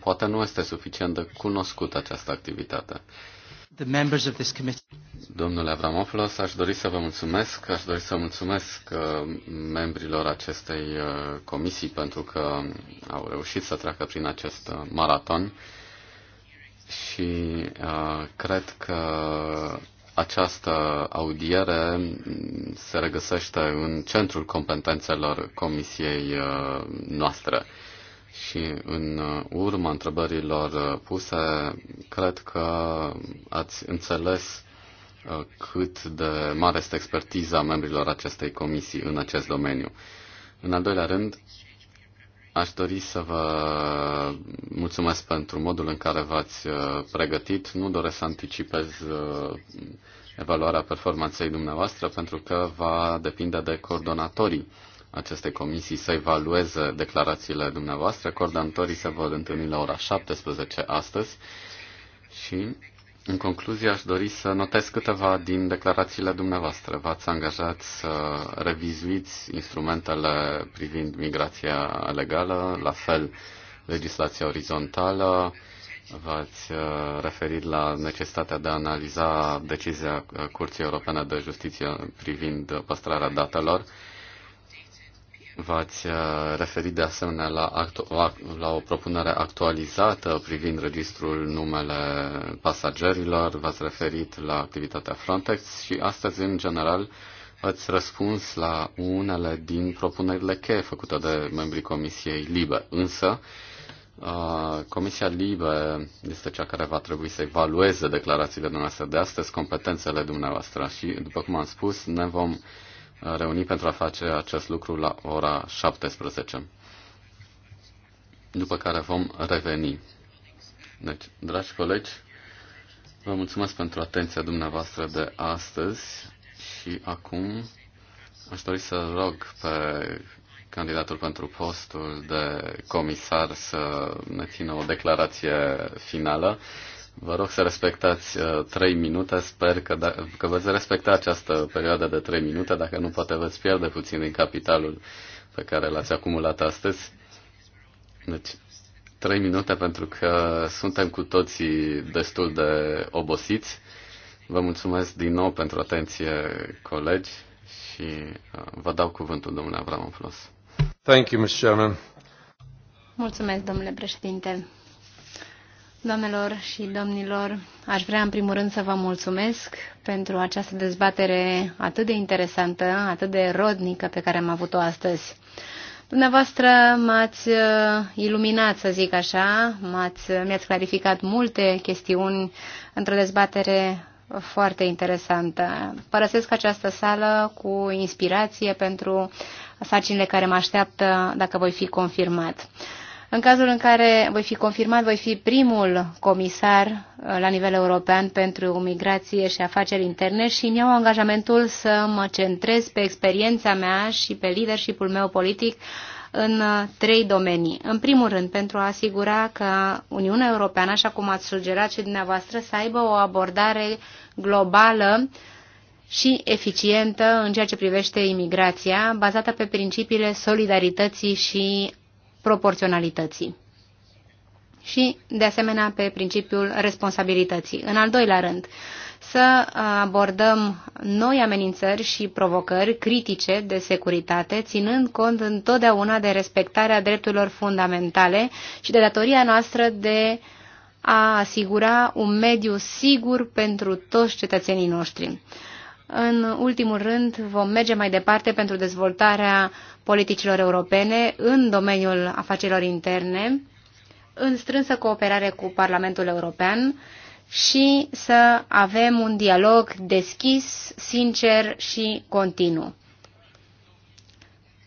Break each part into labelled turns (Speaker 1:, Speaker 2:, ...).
Speaker 1: Poate nu este suficient de cunoscută această activitate. The members of this committee. Domnule Avramopoulos, aș dori să vă mulțumesc, aș dori să mulțumesc uh, membrilor acestei uh, comisii pentru că au reușit să treacă prin acest uh, maraton și uh, cred că această audiere mm, se regăsește în centrul competențelor comisiei noastre. Și în urma întrebărilor puse, cred că ați înțeles uh, cât de mare este expertiza membrilor acestei comisii în acest domeniu. În al doilea rând, aș dori să vă mulțumesc pentru modul în care v-ați uh, pregătit. Nu doresc să anticipez uh, evaluarea performanței dumneavoastră, pentru că va depinde de coordonatorii acestei comisii să evalueze declarațiile dumneavoastră. Coordonatorii se vor întâlni la ora 17 astăzi și în concluzie, aș dori să notez câteva din declarațiile dumneavoastră. V-ați angajat să revizuiți instrumentele privind migrația legală, la fel legislația orizontală, v-ați uh, referit la necesitatea de a analiza decizia Curții Europene de Justiție privind păstrarea datelor V-ați uh, referit de asemenea la, la o propunere actualizată privind registrul numele pasagerilor, v-ați referit la activitatea Frontex și astăzi, în general, ați răspuns la unele din propunerile cheie făcute de membrii Comisiei Libe. Însă, uh, Comisia Libe este cea care va trebui să evalueze declarațiile dumneavoastră de astăzi, competențele dumneavoastră și, după cum am spus, ne vom reuni pentru a face acest lucru la ora 17. După care vom reveni. Deci, dragi colegi, vă mulțumesc pentru atenția dumneavoastră de astăzi și acum aș dori să rog pe candidatul pentru postul de comisar să ne țină o declarație finală. Vă rog să respectați uh, trei minute. Sper că, da, că veți respecta această perioadă de trei minute. Dacă nu, poate veți pierde puțin din capitalul pe care l-ați acumulat astăzi. Deci, trei minute pentru că suntem cu toții destul de obosiți. Vă mulțumesc din nou pentru atenție, colegi, și uh, vă dau cuvântul, domnule Avramopoulos. Thank you, Mr. Chairman.
Speaker 2: Mulțumesc, domnule președinte. Doamnelor și domnilor, aș vrea în primul rând să vă mulțumesc pentru această dezbatere atât de interesantă, atât de rodnică pe care am avut-o astăzi. Dumneavoastră m-ați uh, iluminat, să zic așa, m-ați, mi-ați clarificat multe chestiuni într-o dezbatere foarte interesantă. Părăsesc această sală cu inspirație pentru sarcinile care mă așteaptă dacă voi fi confirmat. În cazul în care voi fi confirmat, voi fi primul comisar uh, la nivel european pentru migrație și afaceri interne și îmi iau angajamentul să mă centrez pe experiența mea și pe leadership-ul meu politic în uh, trei domenii. În primul rând, pentru a asigura că Uniunea Europeană, așa cum ați sugerat și dumneavoastră, să aibă o abordare globală și eficientă în ceea ce privește imigrația, bazată pe principiile solidarității și proporționalității și, de asemenea, pe principiul responsabilității. În al doilea rând, să abordăm noi amenințări și provocări critice de securitate, ținând cont întotdeauna de respectarea drepturilor fundamentale și de datoria noastră de a asigura un mediu sigur pentru toți cetățenii noștri. În ultimul rând, vom merge mai departe pentru dezvoltarea politicilor europene în domeniul afacerilor interne, în strânsă cooperare cu Parlamentul European și să avem un dialog deschis, sincer și continuu.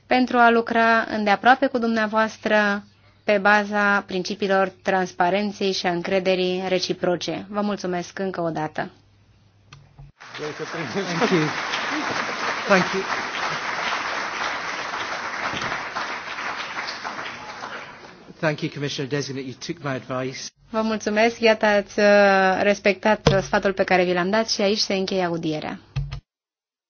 Speaker 2: Pentru a lucra îndeaproape cu dumneavoastră pe baza principiilor transparenței și a încrederii reciproce. Vă mulțumesc încă o dată. Thank you. Thank you.
Speaker 1: Thank you, Commissioner Designate. You took my advice.
Speaker 2: Vă mulțumesc. Iată, ați uh, respectat uh, sfatul pe care vi l-am dat și aici se încheie audierea.